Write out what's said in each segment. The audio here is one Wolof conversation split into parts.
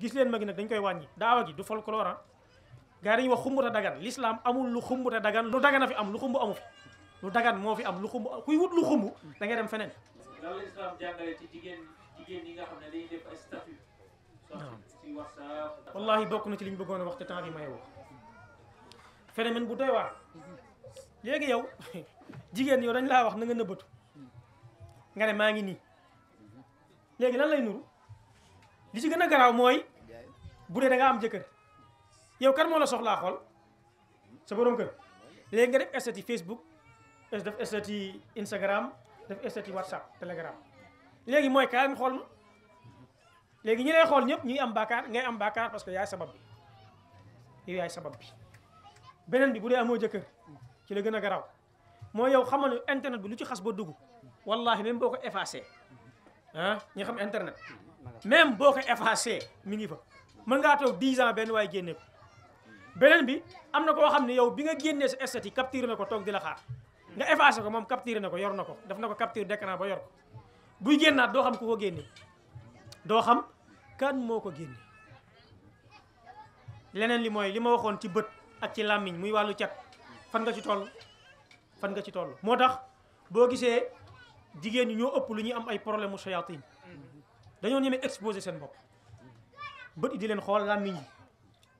gis leen ma gi nag dañ koy wàññi daawa gi du folklore ah. gaa yi dañuy wax xumbuta dagan l'islam amul lu xumbuta dagan lu dagan a fi am lu xumbu amu fi lu dagan moo fi am lu xumbu kuy wut lu xumbu da ngay dem nga xam ne dañuy def ay statut ah. ci whatsapp wallahi bokk na ci liñ bëggoon a wax te temps may wax bu doy waar léegi yow jigéen yow dañ laa wax na nga nëbbatu nga ne maa ngi nii léegi lan lay nuru li ci gën a garaaw mooy bu dee da ngaa am jëkkër yow kar moo la soxlaa xool sa borom kër léegi nga def estati Facebook def estati Instagram def estati WhatsApp Telegram léegi mooy kaay xool ma léegi ñi lay xool ñëpp ñuy am baakaar ngay am baakaar parce que yaay sabab bi yow yaay sabab bi beneen bi bu dee amoo jëkkër ci la gën a garaaw mooy yow xamal ne internet bi lu ci xas ba dugg wallahi même boo ko effacé ah ñi xam internet même boo ko effacé mi ngi fa mën ngaa toog 10 ans benn waaye génne ko beneen bi am na koo xam ne yow bi nga génnee sa statut capture na ko toog di la xaar nga effacé ko moom capture na ko yor na ko def na ko capture d'écran ba yor ko buy génnaat doo xam ku ko génne doo xam kan moo ko génne leneen li mooy li ma waxoon ci bët ak ci làmmiñ muy wàllu cat fan nga ci toll fan nga ci toll moo tax boo gisee jigéen ñi ñoo ëpp lu ñuy am ay problème mu shayatin dañoo ñemee exposé seen bopp bët yi di leen xool làmmiñ yi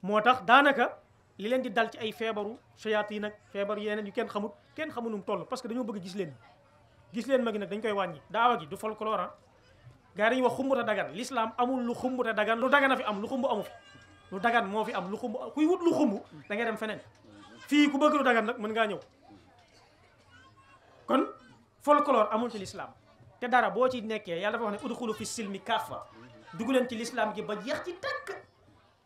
moo tax daanaka li leen di dal ci ay feebaru soyaat yi nag feebar yeneen yu kenn xamut kenn xamul nu mu toll parce que dañoo bëgg gis leen gis leen magi nag dañ koy wàññi daawa gi du folklore ah gars yi dañuy wax xumbuta dagan lislaam amul lu xumbuta dagan lu dagan a fi am lu xumbu amu fi lu dagan moo fi am lu xumbu kuy wut lu xumbu da ngay dem feneen fii ku bëgg lu dagan nag mën ngaa ñëw kon folklore amul ci lislaam te dara boo ci nekkee yàlla dafa wax ne udxulu fi dugg leen ci l'islam gi ba jeex ci tàkk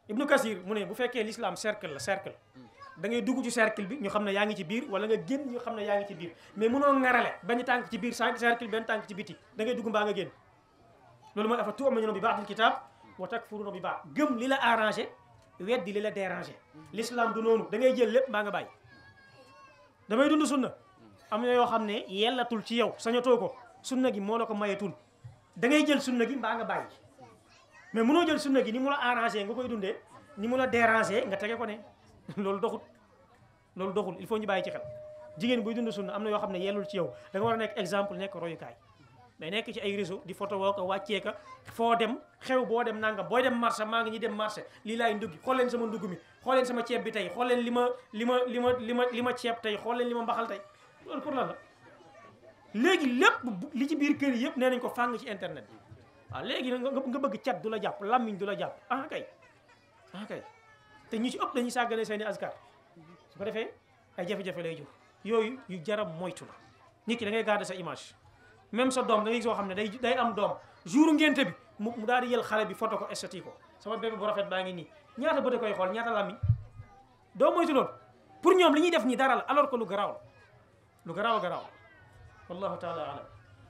Ibnu Kasir mu ne bu fekkee l'islam cercle la cercle da ngay dugg ci cercle bi ñu xam ne yaa ngi ci biir wala nga génn ñu xam ne yaa ngi ci biir mais mënoo ngarale benn tànk ci biir cercle benn tànk ci biti da ngay dugg mbaa nga génn loolu mooy afa tu'minuuna bi ba'dil kitaab wa takfuruuna bi ba'd gëm li la arrangé weddi li la dérangé l'islam du noonu dangay jël lépp mbaa nga bàyyi damay dund sunna am na yoo xam ne yellatul ci yow sañatoo ko sunna gi moo la ko mayetul da ngay jël sunna gi mbaa nga bàyyi mais munoo jël sunna gi ni mu la arrangé nga koy dundee ni mu la dérangé nga tege ko ne loolu doxul loolu doxul il faut ñu bàyyi ci xel jigéen buy dund sunna am na yoo xam ne yellul ci yow danga nga war a nekk exemple nekk royukaay mais nekk ci ay réseau di photo woo ko wàccee ka foo dem xew boo dem nangam booy dem marché maa ngi ñuy dem marché lii laay nduggi xool leen sama ndugg mi xool leen sama ceeb bi tey xool leen li ma li ma li ma li ma ma ceeb tey xool leen li ma mbaxal tey loolu pour lan la léegi lépp li ci biir kër yëpp nee nañ ko fàng ci internet bi waaw léegi nag nga bëgg cat du la jàpp làmmiñ du la jàpp ah kay ah te ñu ci ëpp dañuy sàggane seeni askar su ko defee ay jafe-jafe lay jur yooyu yu jaram moytu la nit ki da ngay garder sa image même sa doom da ngay soo xam ne day day am doom jour ngénte bi mu daal di yël xale bi photo ko esthétique ko sama bébé bu rafet baa ngi nii ñaata bët koy xool ñaata làmmiñ doo moytu loolu pour ñoom li ñuy def nii dara la alors lu garaaw lu garaaw garaaw wallahu taala alam